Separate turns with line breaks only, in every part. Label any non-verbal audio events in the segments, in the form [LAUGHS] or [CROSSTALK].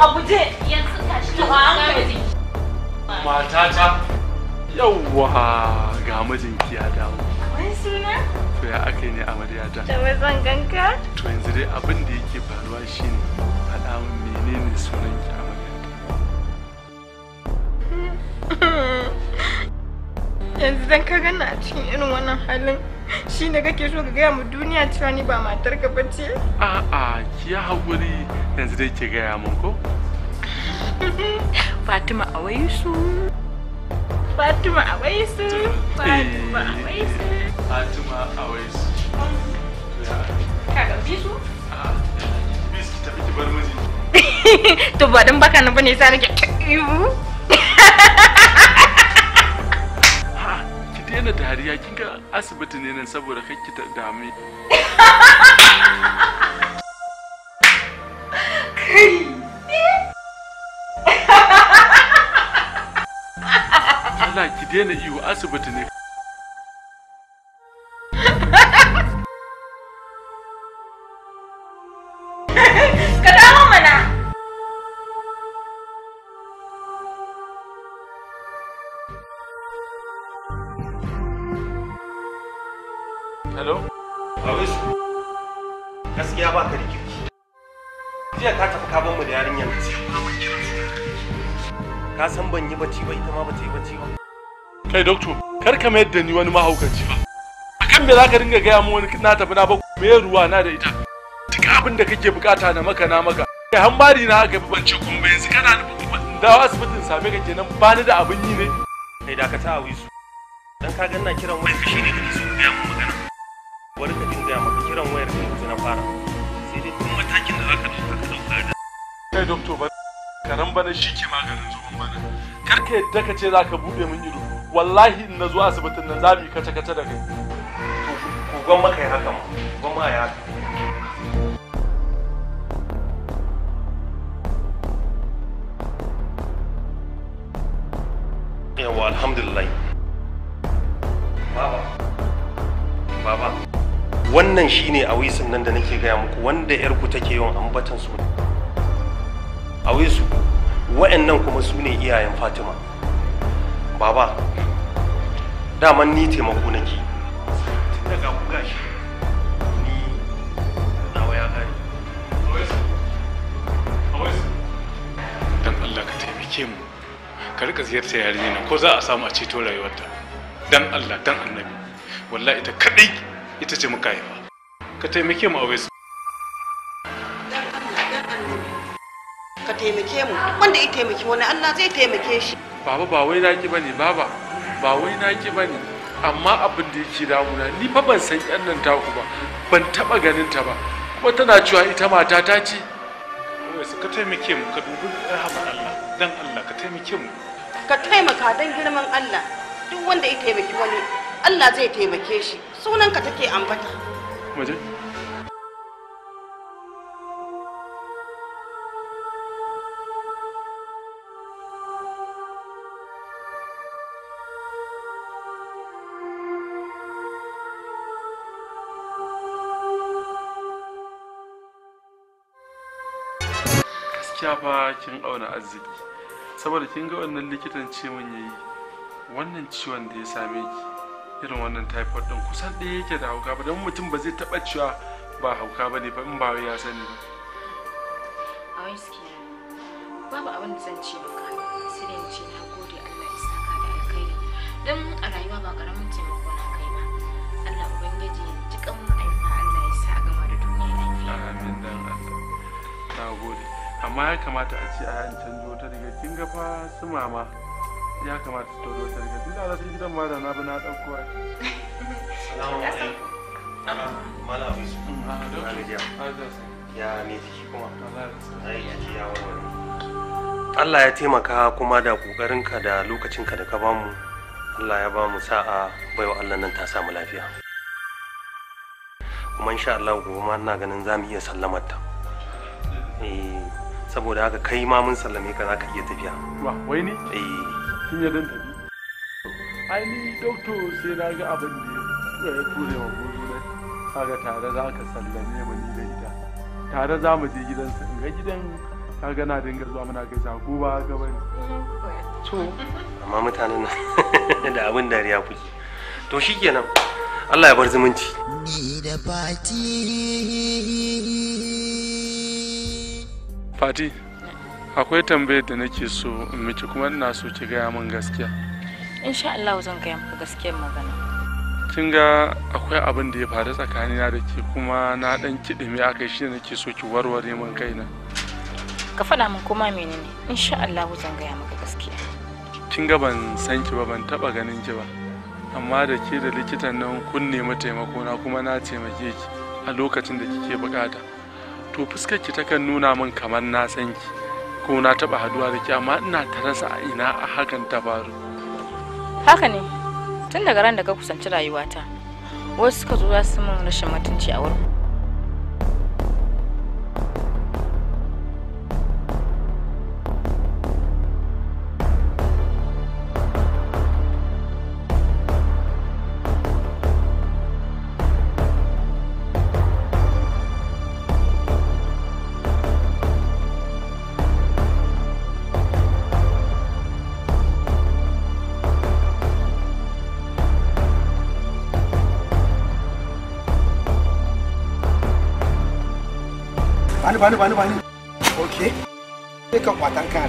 a guje yanzu tashi to a hankali
matata yawwa ga mijinki ya dawo
wani suna
to ya aka ne amaryata da
mazan ganka
to yanzu dai abin da yake faruwa shine faɗa min menene sunan ki
amaryata [LAUGHS] yanzu dan ka gani a cikin irin wannan halin [LAUGHS] shi ne kake so ka gaya mu duniya cewa ni ba matar ka bace
a'a ki ya haƙuri yanzu dai ke gaya mun ko
[LAUGHS] fatima a waisu fatima a waisu fatima a waisu eh,
fatima a waisu kaga bisu bisu tafi ki bar
miji [LAUGHS] to ba dan baka na bane sai nake
daina dariya kin ga asibiti ne nan saboda kai ki dame kai Allah ki daina wa asibiti ne
gaskiya ba ka rike jiya ka tafi ka mu da yarinyar ka san ban yi bacci ba ita
ma ba ta yi bacci ba kai doctor kar ka mayar da ni wani mahaukaci ba A kan me za ka dinga gaya mu wani na tafi na ba me ruwa na da ita duk abin da kake bukata na maka na maka kai hambari na aka bi bance kuma yanzu kana nufin kuma dawo asibitin same ka kenan ba ni da abin yi ne kai dakata a wisu dan ka ganna kiran wani shi ne kake so ka gaya mu bari ka maka na fara sai dai kuma matakin ka karan bana shi ke maganin zuban bana kar ka yadda ka ce zaka bude min ido wallahi in na zo asibitin nan za mu yi da kai ko maka yi haka ma ma ya
yawa alhamdulillah baba baba wannan shine awisin nan da nake gaya muku wanda yarku take yawan ambatan su awisu wa'annan kuma su ne iyayen fatima baba daman ni taimako nake tun daga
ku gashi ni nawa ya gani dan Allah ka taimake mu ka rika yarinya ko za a samu a ceto rayuwarta dan Allah dan annabi wallahi ita kadai ita ce muka haifa ka taimake mu a waisu
ka taimake mu wanda ya taimaki wani allah zai taimake shi
baba ba
wai naki bane baba ba wai naki bane amma abin da yake damuna ni fa ban san yan nan taku ba ban taba ganin ta ba kuma tana cewa ita mata ta ce
waisu ka taimake mu ka dubi rahama allah dan allah ka taimake mu
ka
taimaka dan girman allah duk wanda ya taimaki wani allah zai taimake shi sunanka take ambata
waje fa kin auna arziki saboda kin ga wannan likitan ce mun yayi wannan ciwon da ya same ki irin wannan typhoid din kusan ɗaya yake da hauka ba don mutum ba zai taɓa cewa ba hauka ba ne ba in ba ya sani ba.
A wani suke babu abin da zan ce maka sai dai ce na gode Allah ya saka da alkhairi don a rayuwa ba karamin taimako na kai ba Allah ubangiji ya ji kan ma'aifa Allah ya sa a gama da
duniya lafiya. Amin dan Allah. Na gode. Amma ya kamata a ce a yi an canjo ta daga kin ga su mama. ya kamata su tauri wata riga tunda za su gidan ma na bi na ɗauko ai salamu
alaikum mala abu su ya me jiki kuma ah, ai jiki ya warware Allah ya taimaka kuma da ƙoƙarinka da lokacinka da ka bamu Allah ya bamu sa'a baiwa Allah nan ta samu lafiya kuma insha Allah gobe ma ina ganin za mu iya sallamar ta eh, saboda haka kai ma mun sallame ka za ka iya tafiya wai ni eh kin
yadda tafi ai ni doctor sai na ga abin da ya ture wa gozo na kaga tare za ka sallame mu ni da ita tare za mu je in ga gidan kaga na dinga zuwa muna ba bane to
amma mutanen [LAUGHS] da abin dariya kuke to shikenan Allah ya bar zumunci
ni da fati
fati akwai tambayar da nake so in miki kuma ina so ki gaya min gaskiya
insha Allah zan gaya maka gaskiyar magana
kin ga akwai abin da ya faru tsakanina da ke kuma na dan kiɗime akai shi nake so ki warware min kaina
ka faɗa min kuma menene insha Allah zan gaya maka gaskiya
kin ga ban san ki ba ban taba ganin ki ba amma da ke da likitan nan kun nemi taimako na kuma na taimake ki a lokacin da kike bukata to fuskar ki takan nuna min kamar na san ki ko na taba haduwa da ke amma ina ta rasa a ina a hakan ta faru
haka ne tun daga ran da ka kusanci rayuwata wasu suka zo za su mun rashin mutunci a wurin
bani bani bani okay sai ka kwatan kan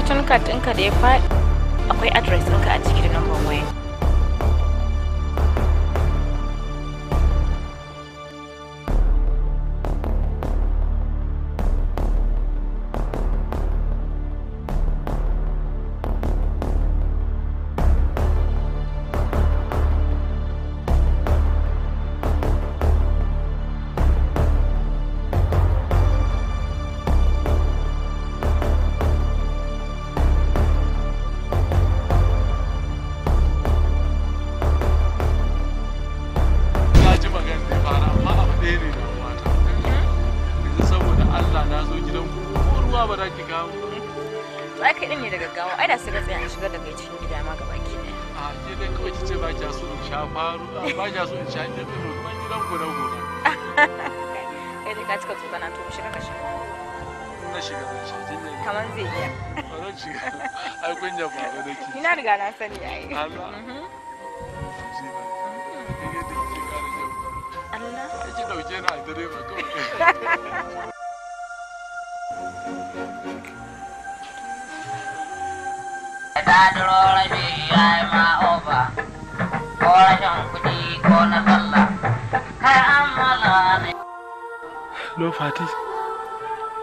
kamar tun ɗinka da ya faɗi akwai adres ɗinka a cikin da number waya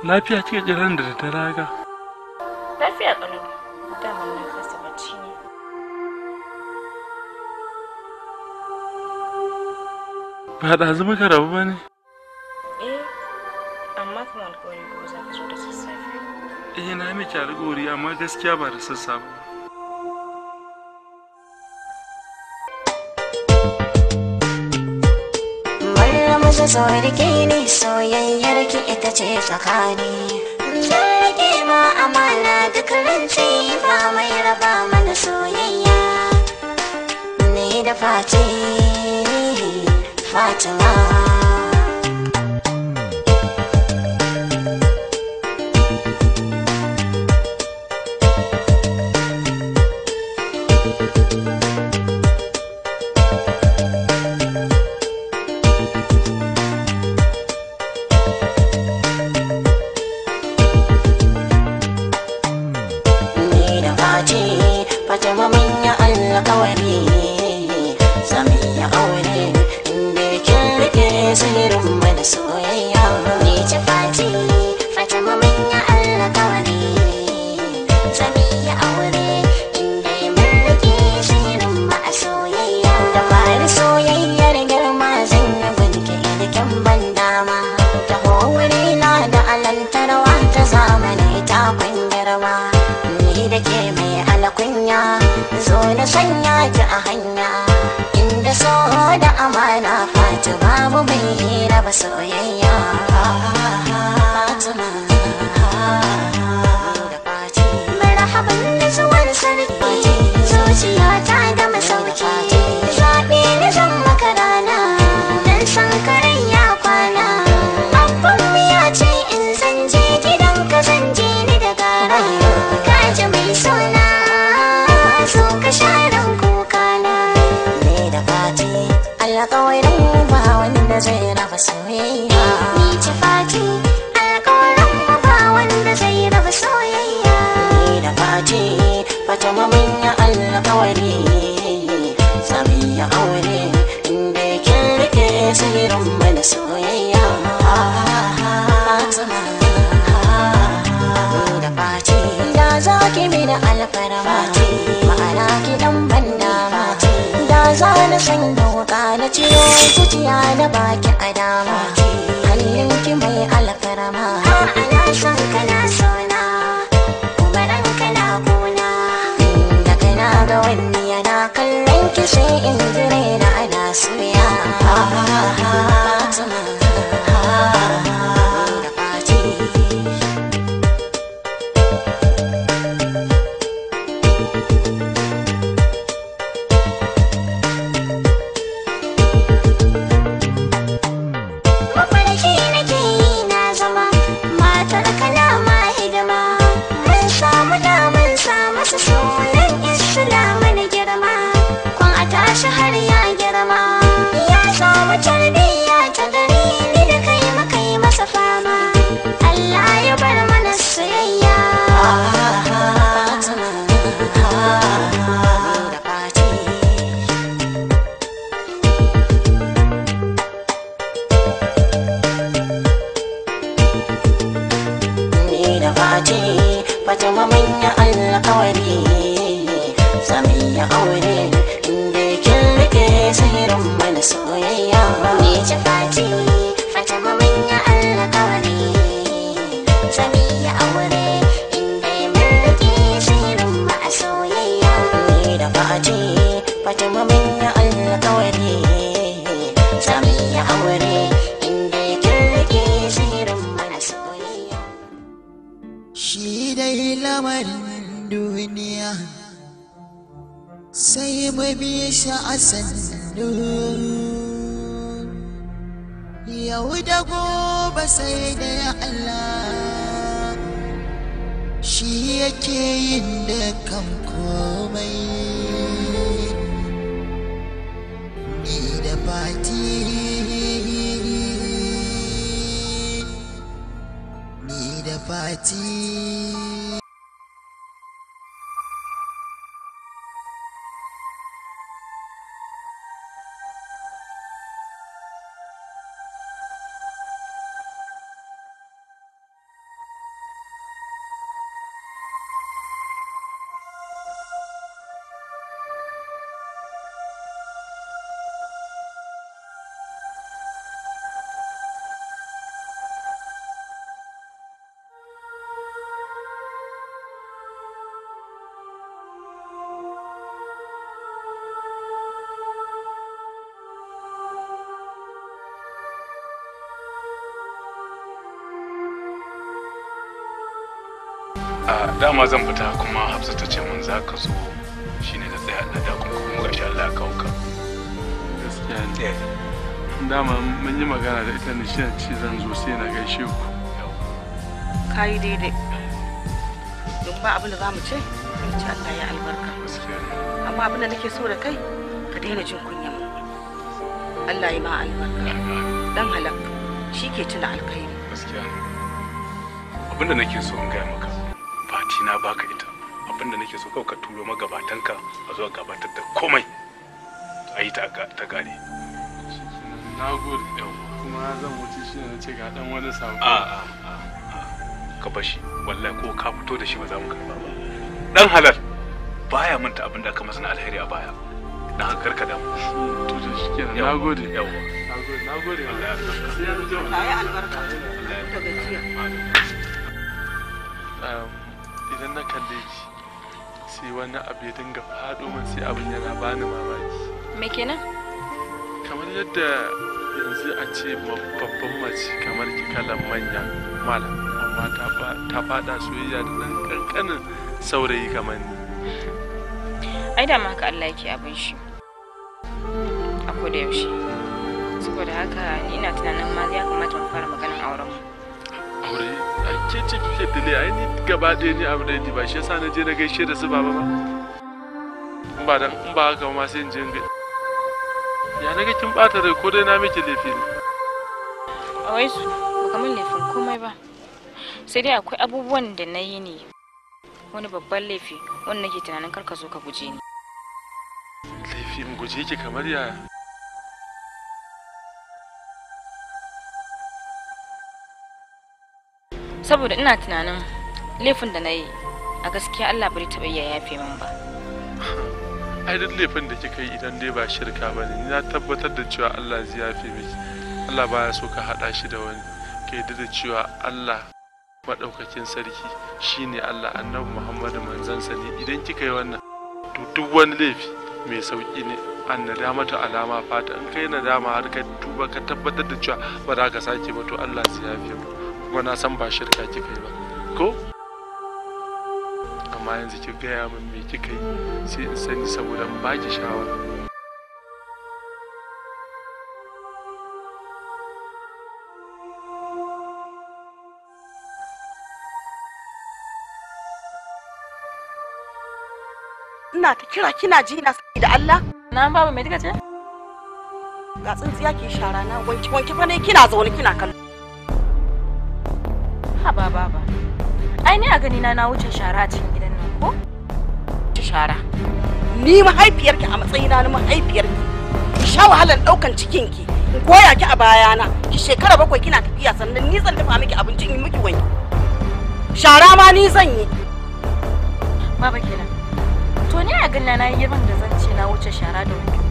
lafiya kika kiran da ta raga
lafiya ƙalau dama na kasa bacci ne
ba ɗazu muka rabu ba ne
eh amma kuma alkawari ba za ka zo da sassafe
eh na mai miki alkawari amma gaskiya ba da sassafe
so so soyayyar ki ita ce tsakani na ma amana duk rance ba mai raba mana soyayya ne da fati fatima
dama zan fita kuma hafsa ta ce mun za ka zo shine na tsaye na da kuma kuma shi Allah ka
gaskiya ne eh. dama mun yi magana da ita ne shi ce zan zo sai na gaishe ku
ka yi daidai don ba abin da za mu ce in ci Allah ya albarka amma abin da nake so da kai ka daina jin kunya mu Allah ya ma albarka dan halak shi ke tuna alkhairi
gaskiya abin da nake so in gaya maka na baka ita abinda nake so kawai ka turo magabatanka a zuwa gabatar da komai a yi ta gane na gode kuma zan wuce shi na ce ga dan wani sabo a a ka bashi wallahi ko ka fito da shi ba za mu karba ba dan halal baya manta abin da aka masa na alheri a baya dan haka karka da mu to da shi kenan na nagode yawa na
gode Allah ya albarka Allah ya albarka ta gajiya idan na kalle shi sai wani abu ya dinga faɗo min sai abin yana bani mamaki me kenan kamar yadda yanzu a ce babban mace kamar ki kalan manya malam amma ta faɗa soyayya da nan ƙanƙanin saurayi kamar ni
ai da maka Allah yake abin shi a koda yaushe saboda haka ni ina tunanin ma ya kamata mu fara
ke ce kike dile ai ni gaba ɗaya ni abu da ba shi yasa na je na gaishe da su baba ba in ba dan in ba haka ma sai in je in ya na ga kin bata rai ko dai na miki laifi ne
a wai su baka min laifin komai ba sai dai akwai abubuwan da na yi ne wani babban laifi wanda nake tunanin karka zo ka guje ni
laifin guje ki kamar yaya
saboda ina tunanin laifin da na yi a gaskiya Allah bai taɓa iya yafe min ba
ai duk laifin da kika yi idan dai ba shirka ba ne na tabbatar da cewa Allah zai yafe miki Allah baya so ka haɗa shi da wani ka yi da cewa Allah maɗaukakin sarki shine Allah annabi Muhammadu manzansa ne idan kika yi wannan to duk wani laifi mai sauƙi ne an nadama ta alama fata in kai nadama har ka tuba ka tabbatar da cewa ba za ka sake ba to Allah zai yafe mu kuma na san ba shirka kika yi ba ko amma yanzu ki gaya min me kika yi sai in sani saboda in ba ki shawara
ina ta kira kina ji na sai da Allah na babu me kika ce ga tsintsiya ke shara na wanki wanki fa ne kina zaune kina kallo Haba baba. Ai ni a gani na na wuce shara a cikin gidan nan ko? Wuce shara. Ni mahaifiyarki a matsayina na mahaifiyarki. Ki sha wahalar daukan cikinki. In koya ki a bayana. Ki shekara bakwai kina tafiya sannan ni zan dafa miki abinci in miki wanki. Shara ma ni zan yi.
Baba kenan. To ni a gani na yi girman da zan ce na wuce shara da wanki.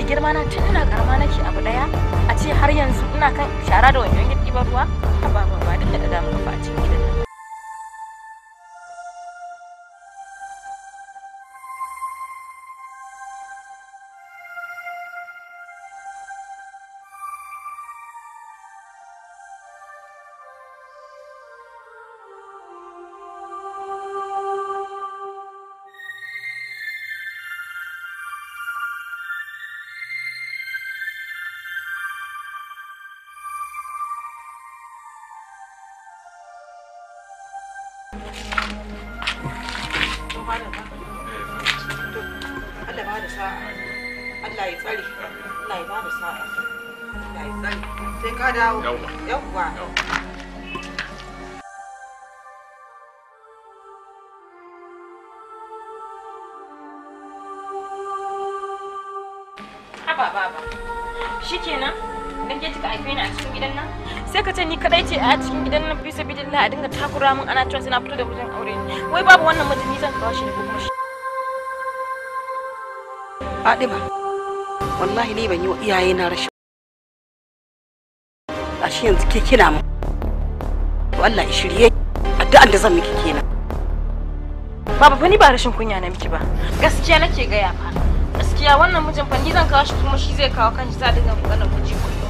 da girma na tun ina karama nake abu daya a ce har yanzu ina kan shara da wanyoyin girki ba ruwa ba ba ba duk da damu kafa a haife ni a cikin gidan nan sai ka ce ni kadai ce a cikin gidan nan bisa bidillah a dinga takura min ana cewa sai na fito da wajen aure ni wai
babu wannan mutum zan kawo shi ne ko kuma shi Fadima wallahi ni ban yi wa iyaye na rashin ashe yanzu ke kina mu to Allah ya shirye addu'an da zan miki kenan Baba fa ni ba rashin kunya na miki ba
gaskiya nake gaya fa gaskiya wannan mijin fa ni zan kawo shi kuma shi zai kawo kanshi za dinga maganar kuji kullum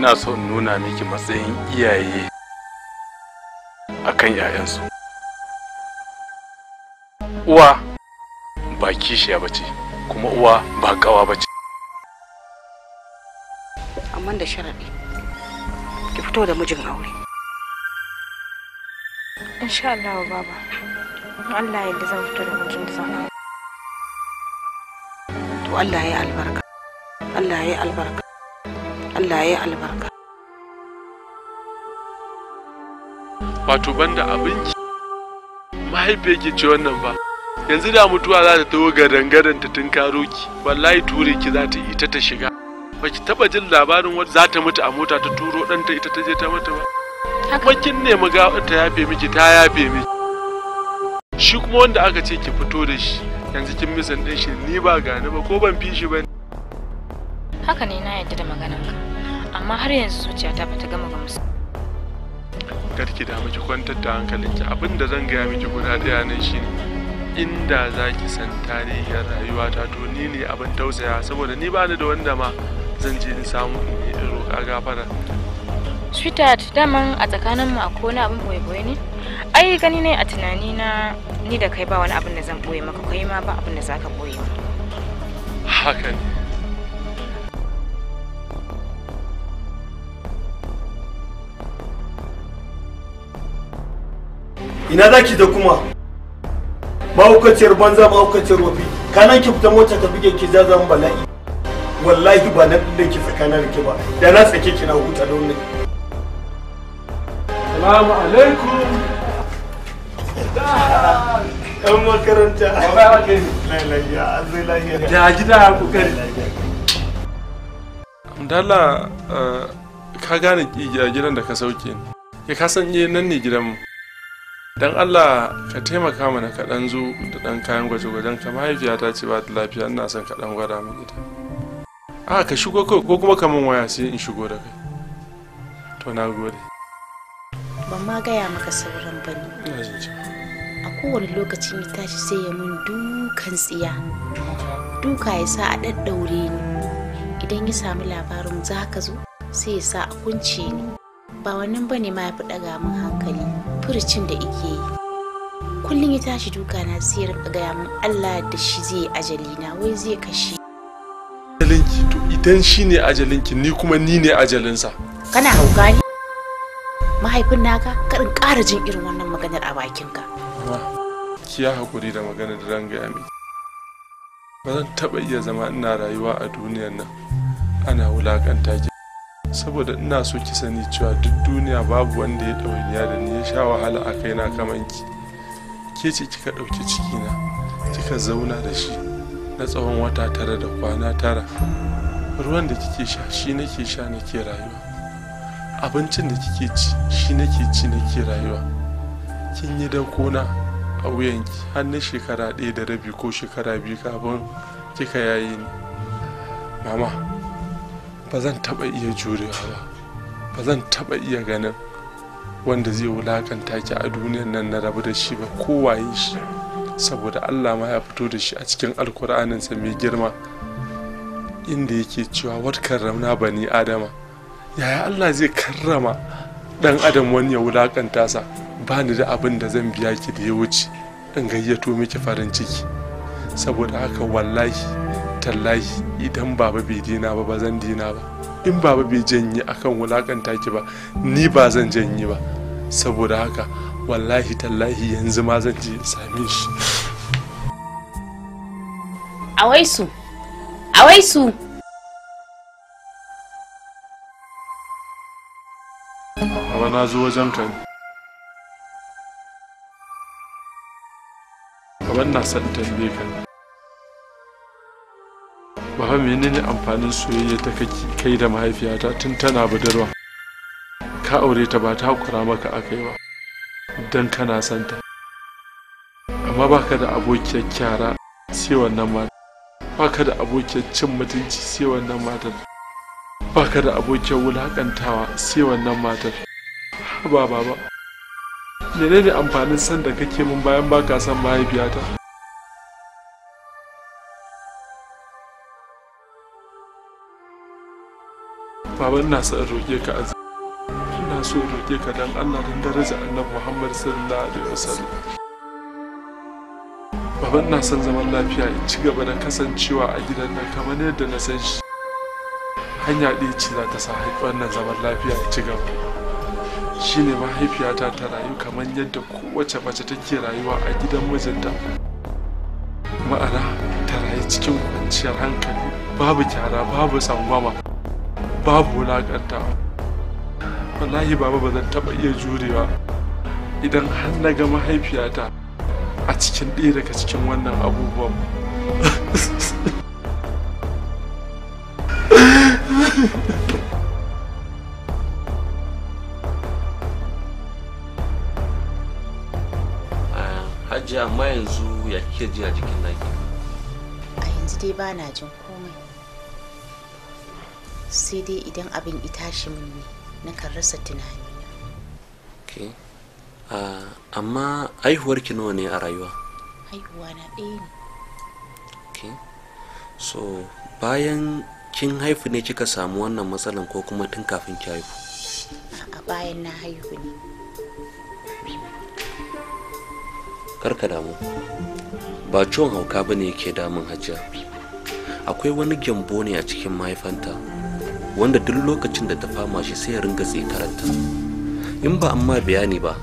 ina so in nuna miki matsayin iyaye a kan ‘ya'yansu uwa ba kishiya ba ce kuma uwa ba gawa ba ce
amma da sharaɗi ki fito da mijin aure
insha Allah baba Allah ya zan fito da mijin da zan
to Allah ya albarka Allah ya albarka allah ya albarka
wato banda abinci mahaifiyar ke ce wannan ba yanzu da mutuwa za ta taho gadan-gadan ta karo ki wallahi ture ki za ta ita ta shiga ba ki taba jin labarin wadda za ta mutu a mota ta turo ɗanta ita ta je ta mata ba kuma kin ne mu ga ta yafe miki ta yafe miki shi kuma wanda aka ce ki fito da shi yanzu kin misan ɗin shi ni ba gani ba ko ban fi shi ba ne.
haka ne na yadda da maganar ka amma har yanzu zuciyata bata gama gamsu
karki da miki kwantar da hankalinki abin da zan gaya miki guda ɗaya ne shine inda za ki san tarihin rayuwata to ni ne abin tausaya saboda ni ba ni da wanda ma zan je in samu in yi roƙa gafara
sweetheart daman a tsakaninmu akwai wani abin boye-boye ne ai gani ne a tunani na ni da kai ba wani abin da zan boye maka kai ma ba abin da zaka
boye haka ne
ina za ki da kuma mahaukaciyar banza mahaukaciyar wafi kanan ki fita mota ta buge ki za zama bala'i wallahi ba na da ki tsakanin ki ba da na tsake ki na huta don wannan salamu
alaikum ɗan makaranta
da gida kokari
dala eh, ka gane gidan da ka sauke ya eh, nan ne gidanmu don allah ka taimaka mana ka ɗan da ɗan kayan gwaje-gwajen ka ta ce ba ta lafiya ina son ka ɗan gwada min ita a ka shigo kai ko kuma ka waya sai in shigo da kai to na gode
ban ma gaya maka sauran
ba ne a
kowane lokacin ya tashi sai ya mun dukan tsiya duka ya sa a ɗaɗɗaure ni idan ya sami labarin za ka zo sai ya sa a kunce ni ba wannan ba ne ma ya fi ɗaga min hankali furucin da ike yi kullum ya tashi duka na siyar a gaya mun Allah da shi zai ajali na wai zai kashe
ajalinki to idan shi ne ajalinki ni kuma ni ne ajalinsa
kana hauka ne mahaifin naka karin ƙara jin irin wannan maganar a bakinka
ki ya hakuri da maganar da ran gaya miki ba zan taɓa iya zama ina rayuwa a duniyar nan ana wulakanta ki saboda ina so ki sani cewa duk duniya babu wanda ya ɗauniya da ni ya sha wahala a kaina kaman ki ke ce kika ɗauki na kika zauna da shi na tsawon wata tara da kwana tara ruwan da kike sha shi nake sha nake rayuwa abincin da kike ci shi nake ci nake rayuwa kin yi da kona a wuyanki har na shekara ɗaya da rabi ko shekara biyu kafin kika yayi ni mama ba zan taɓa iya jurewa ba ba zan taɓa iya ganin wanda zai wulakanta ki a duniyar nan na rabu da shi ba kowaye shi saboda allah ma ya fito da shi a cikin alkur'aninsa mai girma inda yake cewa wat karramna bani adama yaya allah zai karrama dan adam wani ya wulakanta sa ba ni da abin da zan biya ki da ya wuce in gayyato miki farin ciki saboda haka wallahi tallahi idan baba bai dina ba ba zan dina ba in baba bai janye akan wulakanta ki ba ni ba zan janye ba saboda haka wallahi tallahi yanzu ma zan je same shi
awaisu awaisu
Baba na zo wajen ka ne. Baban na son tambaye ka ne. ba fa menene amfanin soyayya ta kai da mahaifiyata tun tana budurwa ka aure ta ba ta kura maka akai ba don kana son ta amma baka da abokiyar kyara sai wannan mata baka da abokiyar cin mutunci sai wannan matar baka da abokiyar wulakantawa sai wannan matar haba baba menene amfanin san da kake min bayan baka son mahaifiyata baba ina son roƙe ka azumi ina so roƙe ka don Allah dan daraja annabi Muhammad sallallahu alaihi wasallam baba ina son zaman lafiya in ci gaba da kasancewa a gidan nan kamar yadda na san shi hanya ɗaya ce za ta sa wannan zaman lafiya in ci gaba shine mahaifiyata ta rayu kamar yadda kowace mace take rayuwa a gidan mijinta ma'ana ta rayu cikin kwanciyar hankali babu kyara babu tsangwama babu wulakanta wallahi baba ba zan taɓa iya jurewa idan har na ga mahaifiyata a cikin ɗaya daga cikin wannan abubuwan
ah, hajji amma yanzu ya kike ji a jikin naki
a yanzu dai ba na jin komai sai dai idan abin itashi min ne na kan rasa tunani.
Ah, amma haihuwar amma nawa ne a rayuwa
haihuwa na ɗaya ne
okay. so bayan kin haifu ne kika samu wannan matsalan ko kuma tun kafin ki haifu
a bayan na haihu ne
karka damu ba ciwon hauka ba ne ke damun hajiya akwai wani gyambo ne a cikin mahaifanta wanda duk lokacin da ta fama shi sai ya ringa tsekaranta in ba amma bayani ba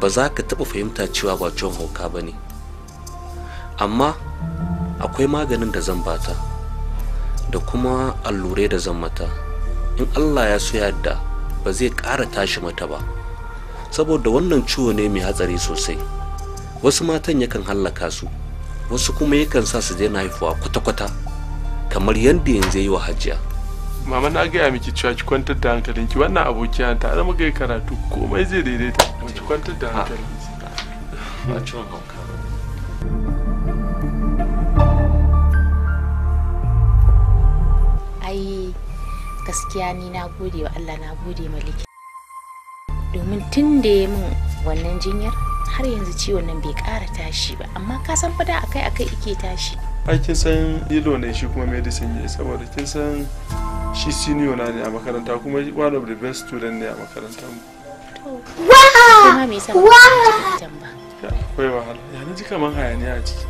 ba za ka taɓa fahimta cewa ba ciwon hauka ba ne amma akwai maganin da zan bata da kuma allurai da zan mata in allah ya so yadda ba zai ƙara tashi mata ba saboda wannan ciwo ne mai hatsari sosai wasu matan yakan hallaka su wasu kuma yakan sa su daina haifuwa kwata-kwata kamar yadda yanzu yi wa hajiya
mama na gaya miki cewa ki kwantar da hankalinki wannan abokiya ta zama gai karatu komai zai daidaita ki kwantar da hankalinki
a gaskiya ni na gode wa Allah na gode maliki. domin tun da ya min wannan jinyar har yanzu ciwon nan bai ƙara tashi ba amma ka san fa akai akai ike tashi
ai kin san ilo ne shi kuma medicine ne saboda kin san shi senior na ne a makaranta kuma one of the best student ne a makaranta mu
kuma me yasa
ba kaman hayaniya a ciki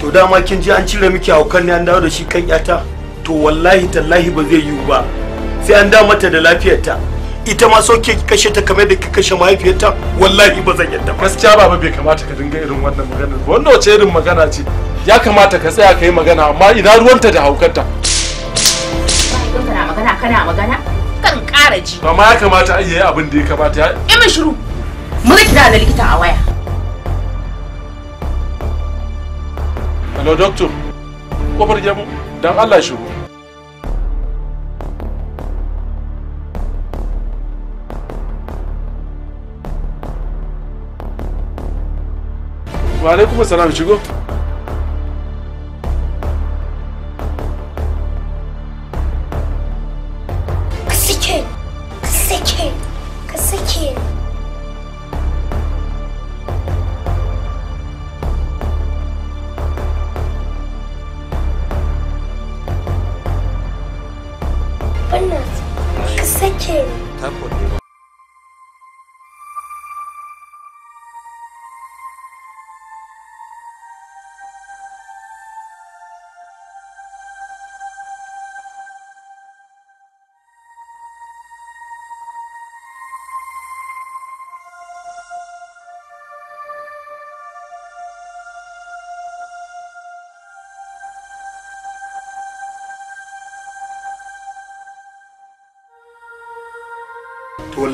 to dama kin ji an cire
miki haukan ne an dawo da shi kan yata to wallahi tallahi ba zai yiwu ba sai an dawo mata
da lafiyarta ita ma so ke kashe ta kamar da ki kashe mahaifiyarta wallahi ba zan yadda ba gaskiya baba bai kamata ka dinga irin wannan magana ba wannan wace irin magana ce ya kamata ka tsaya ka yi magana amma ina ruwanta da haukarta
kana magana kana magana kan ƙara ji
amma ya kamata a yi abin da ya kamata ya
yi shiru mun kira da likita a waya
hello doctor kofar gemu don allah shiru wa alaikum salam shigo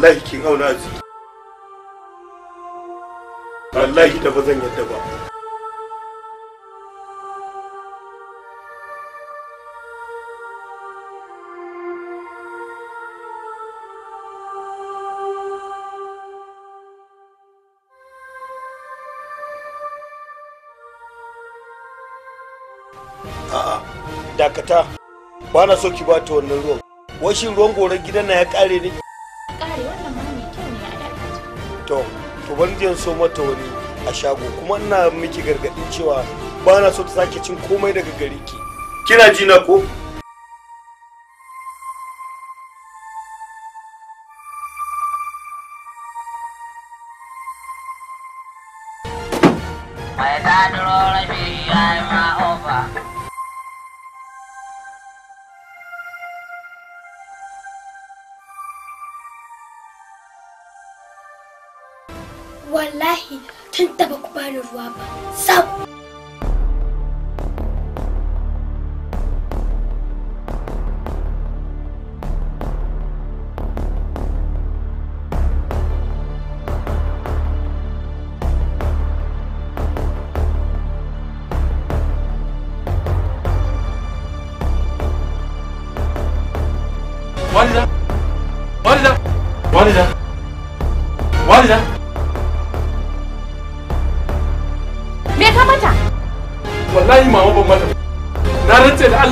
wallahi kin auna azi
wallahi da ba yadda ba
dakata ba na so ki bata wannan ruwan washin ruwan goron gidan na ya kare ne to to ban je so mata wani a shago kuma ina miki gargadin cewa ba na so ta sake cin komai daga gari ki kina ji na ko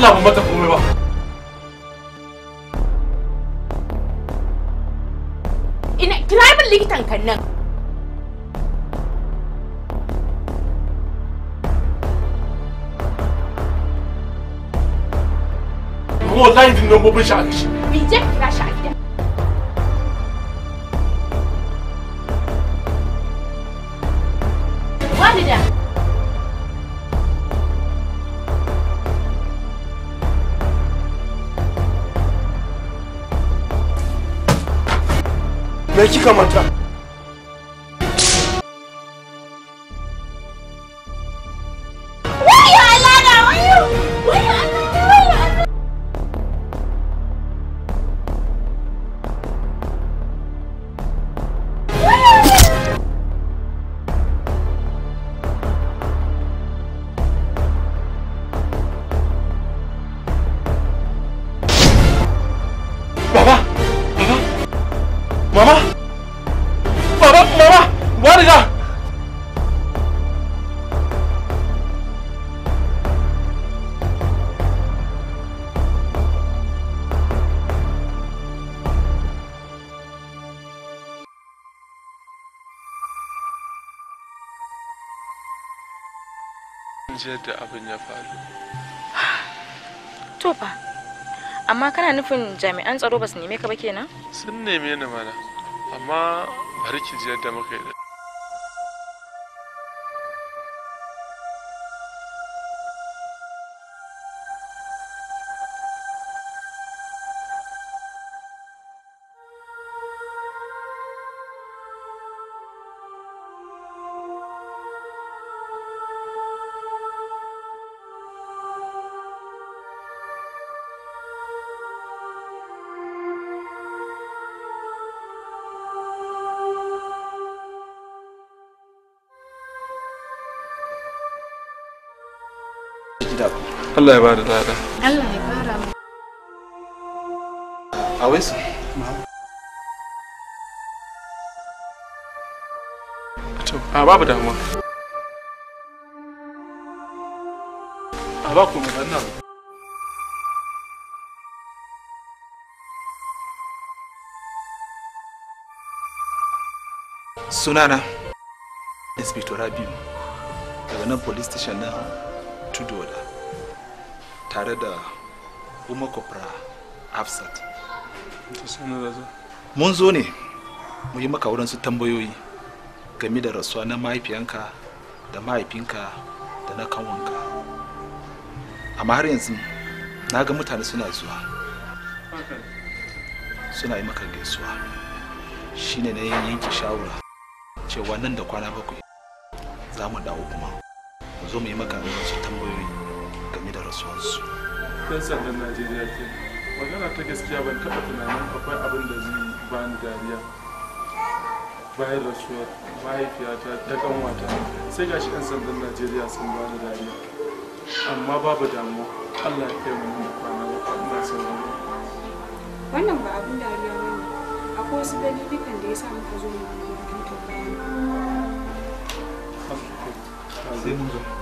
Allah ban mata komai
ina kira min likitan kan nan
kuma wallahi din
nan
me kika mata
ji yadda abin ya faru
to fa amma kana nufin jami'an tsaro ba su neme ka ba kenan
sun neme ni mana amma bari ki ji yadda muka yi
ji da ku Allah ya ba da lada Allah ya fara mu a waisu
a babu damuwa a ba ku mu nan
sunana inspector rabiu daga nan police station na tudoda tare da umar kofra hafsat mun zo ne mu yi maka wurin su tambayoyi game da rasuwa na mahaifiyanka da mahaifinka da na kanwanka amma har yanzu na ga mutane suna zuwa suna yi maka gaisuwa shine na yanke shawara cewa nan da kwana bakwai za mu dawo kuma zo mu yi maka wasu tambayoyi game da
rasuwarsu yan sandan najeriya ke magana ta gaskiya ban taɓa tunanin akwai abin da zai ba ni dariya bayan rasuwar mahaifiyata ta kanwata sai gashi yan sandan najeriya sun ba ni dariya amma babu damuwa allah ya kai mu kwana na sauran
wannan ba abin dariya ba ne
akwai wasu dalilukan da ya sa muka zo mu wannan tambayoyi
sai mun zo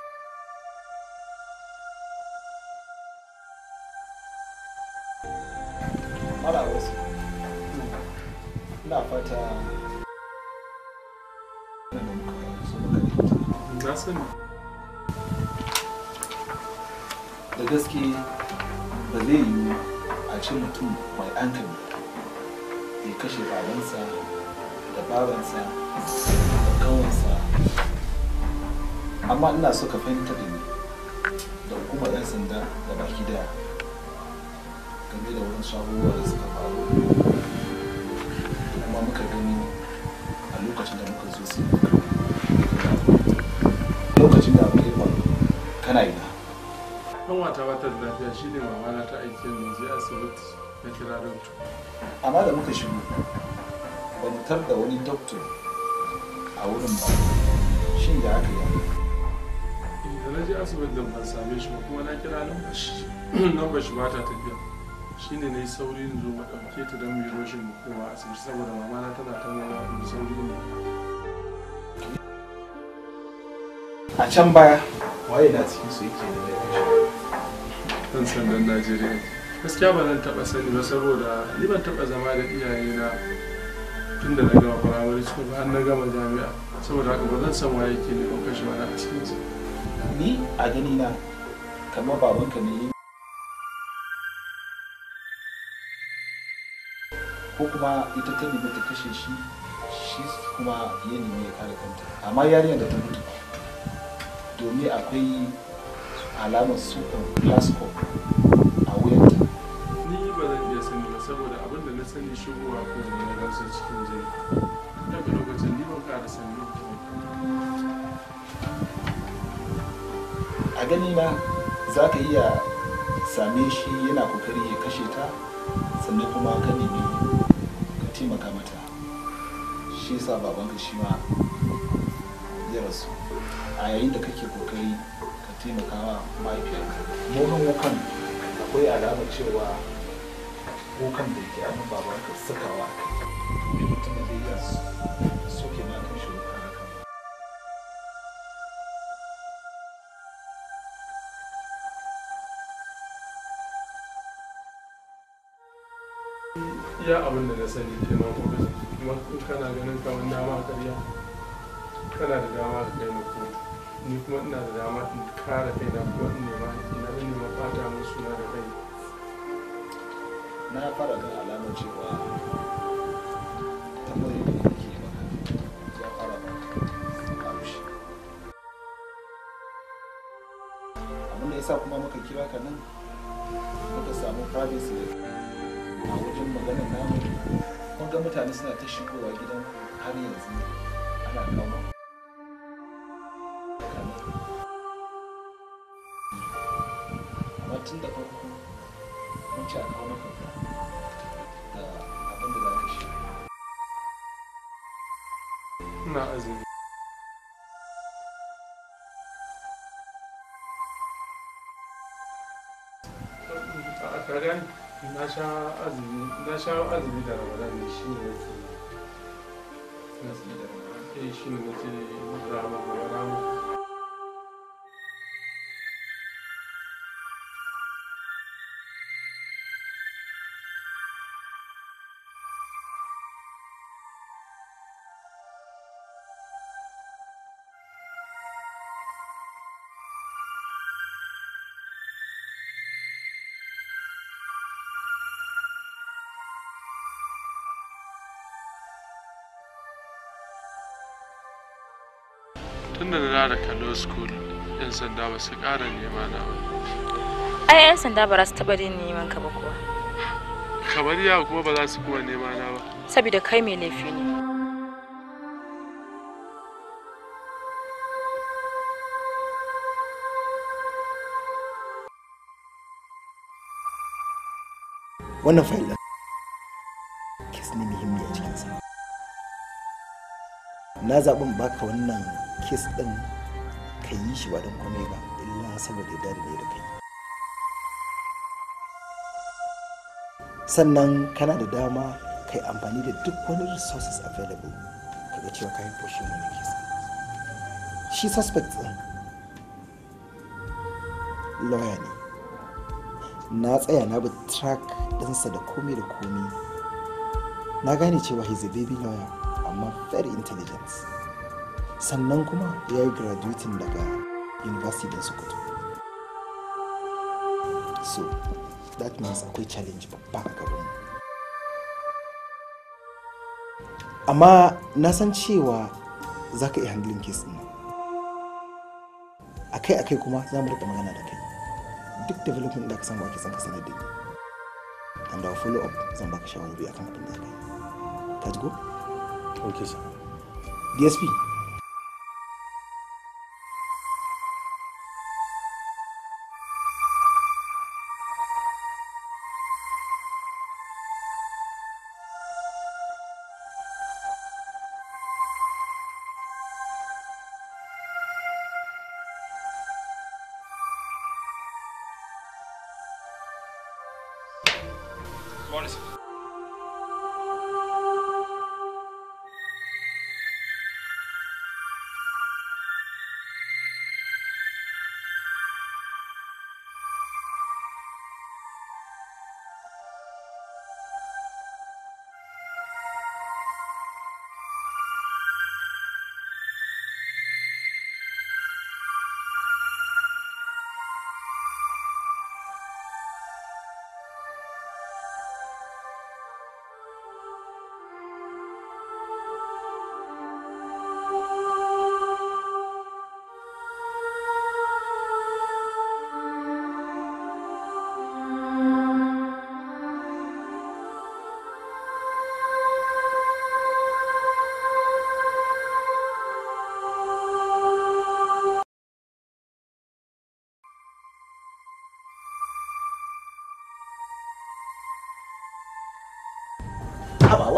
ina fata na sani da gaske ba zai yiwu a ce mutum mai hankali ya kashe babansa da babansa da kawansa amma ina so ka fahimta da ni da hukumar 'yan sanda da baki daya game da wurin sabuwar da suka faru kuma muka gani a lokacin da muka zo sai lokacin da muka yi kana ina
kan wata wata da lafiya shine mama na ta aike mu je asibiti na kira doctor amma da muka shigo ban tar da wani doctor a wurin ba shin ya aka yi eh, da na je asibiti da ban same shi ba kuma na kira numfashi [CLEARS THROAT] numfashi ba ta tafiya shine ne sauri ne zuwa ɗauke ta don mu yi roshin mu kaiwa asibiti saboda mama na tana ta mana sauri ne
a can baya waye na cikin su yake da
ɗan sandan najeriya gaskiya ba zan taɓa sani ba saboda ni ban taɓa zama da iyayena tun da na gama firamare school ba na gama jami'a saboda haka ba zan san waye ke ne ko kashe wani a cikin su ni a gani na kamar
babanka ne ko kuma ita ta nemi ta kashe shi shi kuma ya nemi ya kare kanta amma yarinyar da ta mutu domin akwai alamar sukan
glasgow a
wuyanta ni ba zan iya sani ba saboda abin da na sani shigowa ko da na gamsar cikin jini daga lokacin ni ban kara sani
a gani na za ka iya same shi yana kokari ya kashe ta sannan kuma ka nemi taimaka mata shi yasa babanka shi ma ya rasu a yayin da kake kokari ka taimaka wa mahaifiyarka mohan wukan akwai alamar cewa wukan da yake abin babanka
sakawa a kai mutum da ya rasu
iya abin da na sani ke nan kuma kana ganin wani dama a karya kana da dama ka kai mu ni kuma ina da dama in kare kai na kuma in nema ina da nema fata mun suna da kai na fara ga alamar cewa
tambayi da yake ya fara abin da ya sa kuma muka
kira ka nan muka samu privacy a wajen maganar namu kun ga mutane suna ta shigowa gidan har yanzu ana kama.
amma tun da farko mun ci a kawo maka da abin da za ka shi ina azumi Again. na sha azumi da ramadan ne shi ne nake nasi da ramadan eh, shi ne ramadan 'yan sanda ba su ƙara nema na ba
ai 'yan sanda ba za su taɓa din neman ka ba kuwa
kamar ya kuma ba za su kuwa nema na ba
saboda kai mai laifi ne
wannan fayil ɗin kes ne muhimmi a cikinsa na zaɓin baka wannan kes ɗin ka yi shi ba don komai ba illa saboda da da da kai sannan kana da dama ka yi amfani da duk wani resources available ka ga cewa ka yi foshin wani kisa shi suspect din. lawyer ne na tsaya na bi track ɗinsa da komai da komai na gane cewa he's a baby lawyer amma very intelligent sannan kuma ya yi graduating daga university da sokoto so that means akwai challenge babba a gabanmu amma na san cewa za ka iya handling case kai a kai kuma za mu rika magana da kai duk development da ka samu ake son ka sanar da ni and our follow up zan baka shawarwari akan abin da kai ka ji go okay sir dsp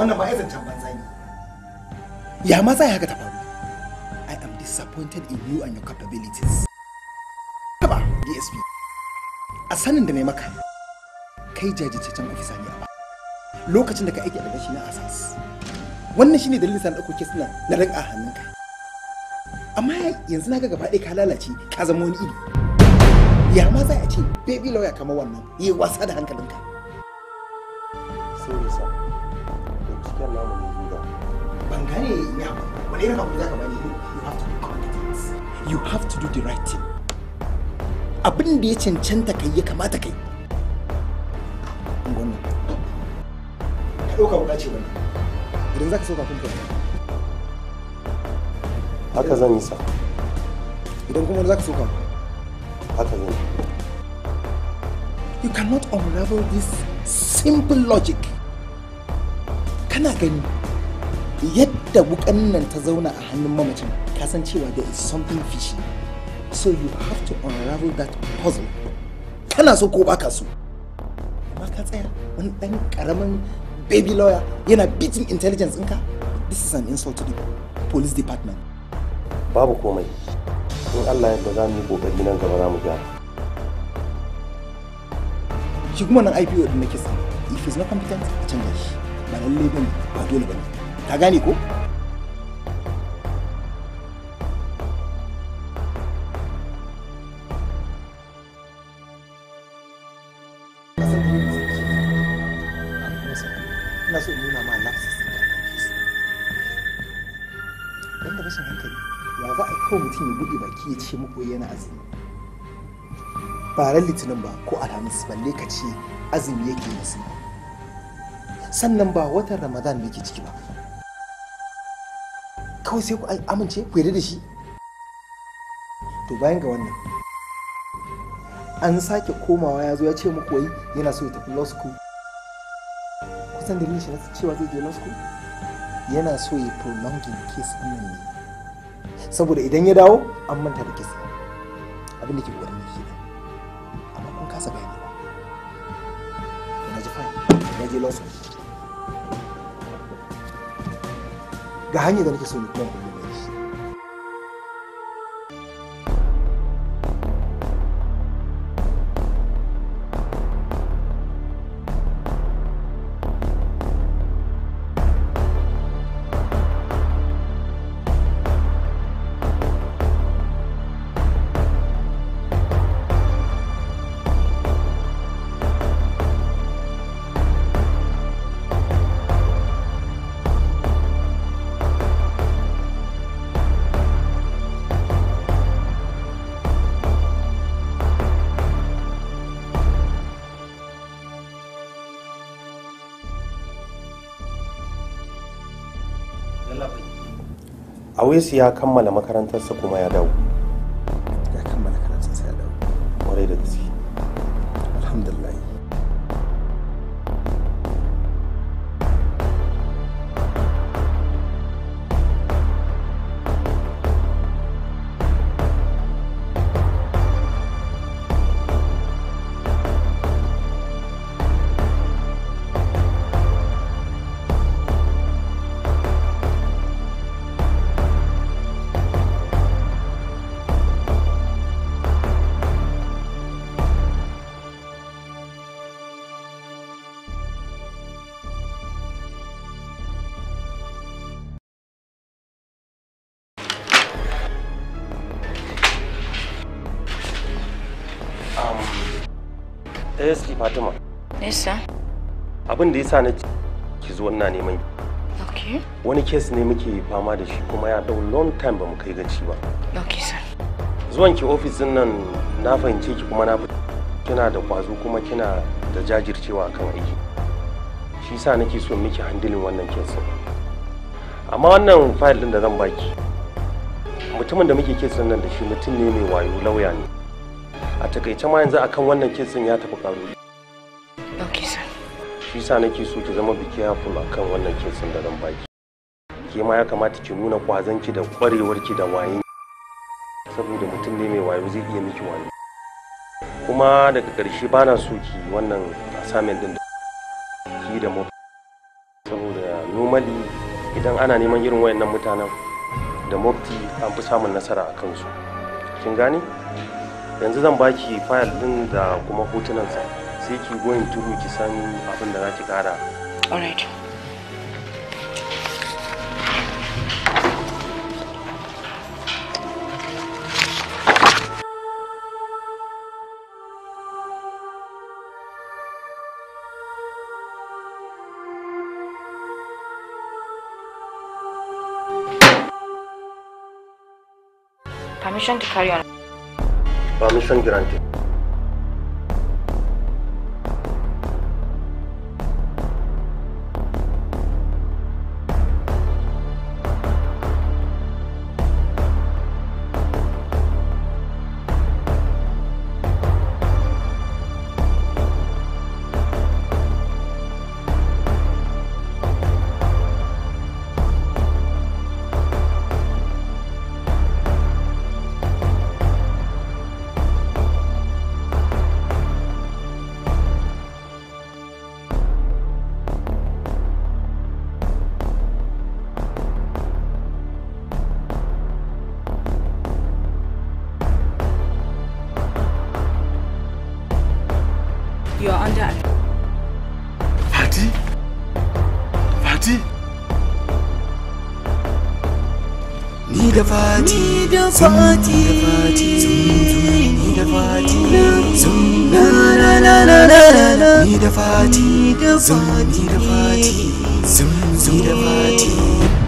wannan ba zancen banza ne ya ma zai haka ta faru i am disappointed in you and your capabilities kaba dsp a sanin da na maka kai jajirtaccen ofisa ne a lokacin da ka aiki a daga shi na asas wannan shine dalilin sa na ɗauko kesu na na rinka hannunka amma yanzu na ga gaba ɗaya ka lalace ka zama wani iri ya ma za a ce baby lawyer kamar wannan yi wasa da hankalinka wani irin abu da zaka you have to be competent you have to do the right thing abin da ya cancanta kai ya kamata kai wannan ka ɗauka wuka ce wannan idan zaka sauka kun fahimta haka zan yi sa idan kuma zaka sauka haka zan you cannot unravel this simple logic kana gani Yet yadda wukan nan ta zauna a hannun mamacin kasancewa there is something fishy so you have to unravel that puzzle kana so ko baka so amma ka tsaya wani dan karamin baby lawyer yana beating intelligence ɗinka this is an insult to the police department
babu komai in allah yadda za mu yi kokari nan gaba za mu gyara
shi kuma nan ipo din nake sa if is not competent a canja shi ba lallai bane ba dole bane ka gane ko baki ce muku yana azumi ba ran litinin ba ko alhamis balle ka ce azumi yake nasu sannan ba watan ramadan ke ciki ba kawai sai ku amince ku yarda da shi to bayan ga wannan an sake komawa ya zo ya ce muku wai yana so ya tafi law school kusan da shi na cewa zai je law school yana so ya prolonging case ɗin ne saboda idan ya dawo an manta da kisa abin da ke gwada ne kenan amma kun kasa gani ba na ji fine na je lawson ga hanyar da nake so ne kuma
Awaisu ya kammala makarantarsa kuma ya dawo. abin da yasa na ki zo ina neman okay wani case ne muke fama da shi kuma ya dau long time ba mu kai gaci ba okay sir zuwan ki office din nan na fahimce ki kuma na kina da kwazo kuma kina da jajircewa kan aiki shi sa nake so miki handilin wannan case amma wannan file din da zan baki mutumin da muke kesin nan da shi mutum ne mai wayo lauya ne a takaice ma yanzu akan wannan kesin ya tafi karo Okay, sir. shi sa nake so ki zama biki haful kan wannan kitsin da zan baki ke ma ya kamata ki nuna kwazanki da kwarewar kwarewarki da waye saboda mutum ne mai wayo zai iya miki wayo kuma daga karshe ba na so ki wannan asamen din ki da mota saboda normally idan ana neman irin wayannan mutanen da mofti an fi samun nasara a kansu kin gane yanzu zan baki fayal din da kuma hotunansa sai ki goyin tudu ki san abin da za ki kara
alright Permission to carry on.
Permission granted.
da fati
da fati ni da fati na na na na na na ni da fati da fati da fati zum da fati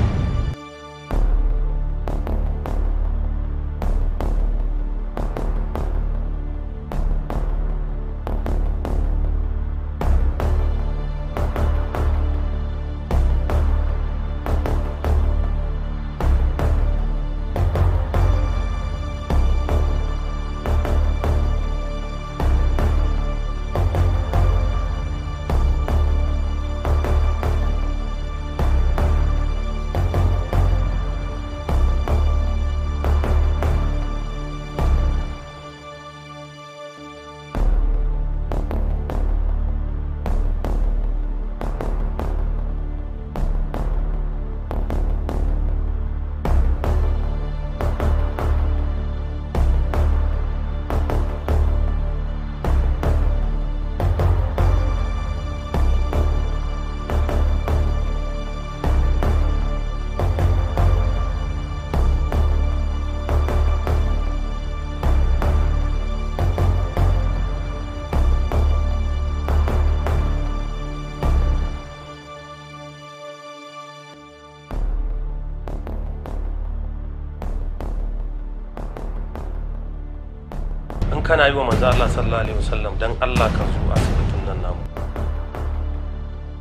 kana yi wa manzo Allah sallallahu alaihi wasallam dan Allah ka zo asibitin nan namu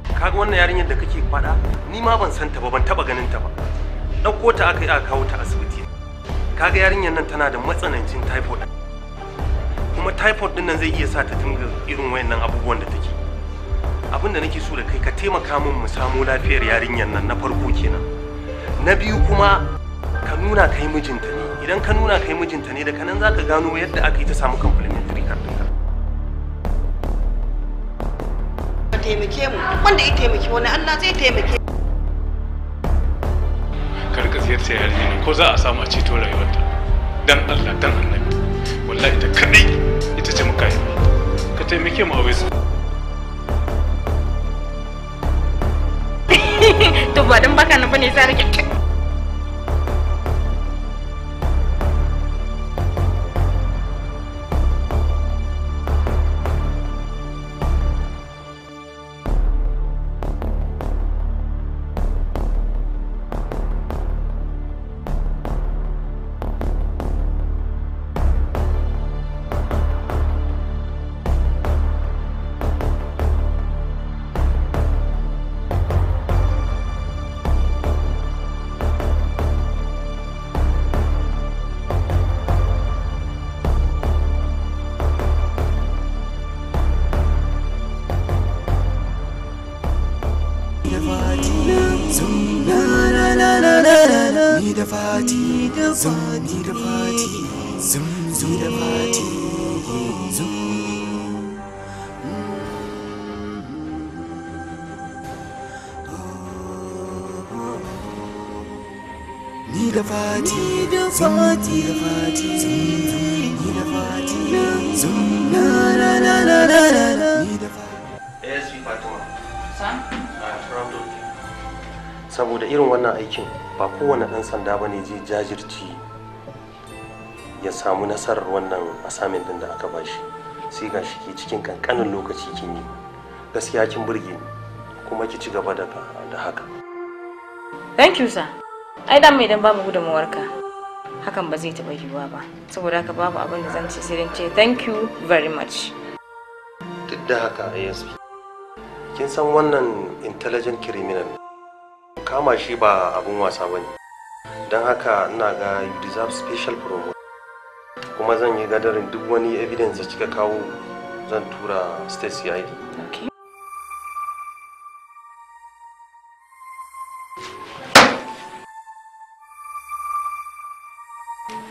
kaga wannan yarinyar da kake faɗa ni ma ban san ta ba ban taba ganin ta ba ɗauko ta aka yi aka kawo ta asibiti kaga yarinyar nan tana da matsanancin typhoid kuma typhoid din nan zai iya sa ta dinga irin wayannan abubuwan da take abin da nake so da kai ka taimaka min mu samu lafiyar yarinyar nan na farko kenan na biyu kuma ka nuna kai mijinta ne idan ka nuna kai mijinta ne da kanan za ka gano yadda aka yi ta samu complimentary card ɗinka.
Ka taimake mu, wanda ya taimaki wani Allah zai taimake.
Karka ziyarta yarinya ko za a samu a ceto rayuwarta. Dan Allah, dan Annabi. Wallahi ta kaɗai ita ce muka yi. Ka taimake mu a waisu.
[LAUGHS] To ba baka na bane sai rike
zumba la la la la la ni da fati zum ni da fati zum zum da fati zum ni da fati ni da fati
ni da fati zum ni da fati zum la la la la la saboda irin wannan aikin ba kowane ɗan sanda ba ne zai jajirci ya samu nasarar wannan assignment din da aka bashi sai ga shi ke cikin kankanin lokaci kin yi gaskiya kin burge ni kuma ki ci gaba da haka
thank you sir ai dan mai dan babu gudunmawarka hakan ba zai taɓa yiwuwa ba saboda haka babu abin da zan ce sai dan ce thank you very much
duk da haka asp kin san wannan intelligent criminal kama shi ba abin wasa ba ne don haka ina ga you deserve special promotion kuma zan yi gadarin duk wani evidence da kika kawo zan tura state cid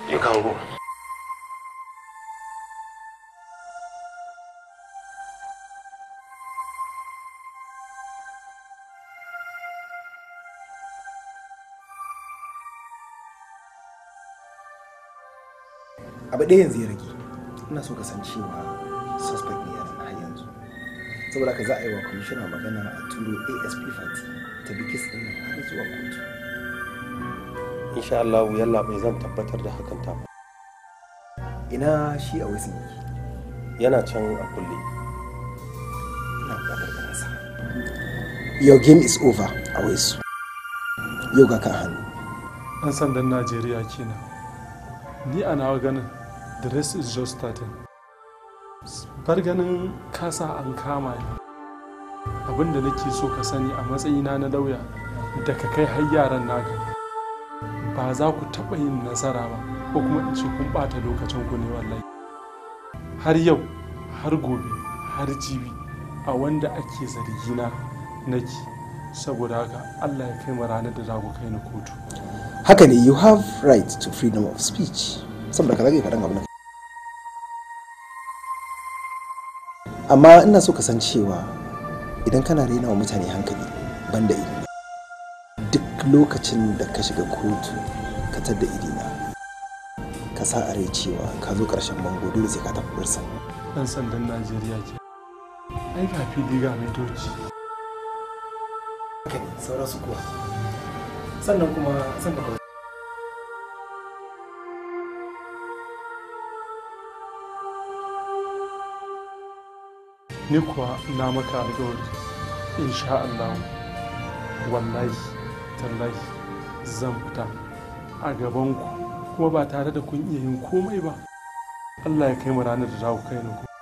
you can
abu ɗaya yanzu ya rage ina so ka san cewa suspect ne yana har yanzu saboda ka za a yi wa kwamishina magana a turo asp fati ta bi kis ɗin har zuwa kotu insha Allah yalla bai zan tabbatar da hakan ta ba ina shi a wasu
yana can a kulle
ina buƙatar ganin nasa your game is over a wasu yau ga kan hannu
an sandan Najeriya kenan ni a nawa ganin the is just starting bar ganin kasa an kama ni abin da nake so ka sani a matsayina na lauya da ka kai har yaran naka ba za ku taɓa yin nasara ba ko kuma in ce kun ɓata lokacin ku ne wallahi har yau har gobe har jibi a wanda ake zargina nake saboda haka allah ya kai ranar da za ku kai ni kotu haka
ne you have right to freedom of speech saboda ka zage faɗin abin amma ina so ka san cewa idan kana raina wa mutane hankali banda iri duk lokacin da ka shiga kotu ka tadda irina ka sa a rai cewa ka zo ƙarshen mango dole sai ka tafi bursa
ɗan sandan najeriya ce ai ka fi diga mai doci haka ne sauransu
kuwa
sannan kuma sannan
ni kuwa na maka alƙawari insha Allah wallahi tallahi zan fita a gabanku kuma ba tare da kun iya yin komai ba Allah ya kai mu ranar da za ku kai ni ku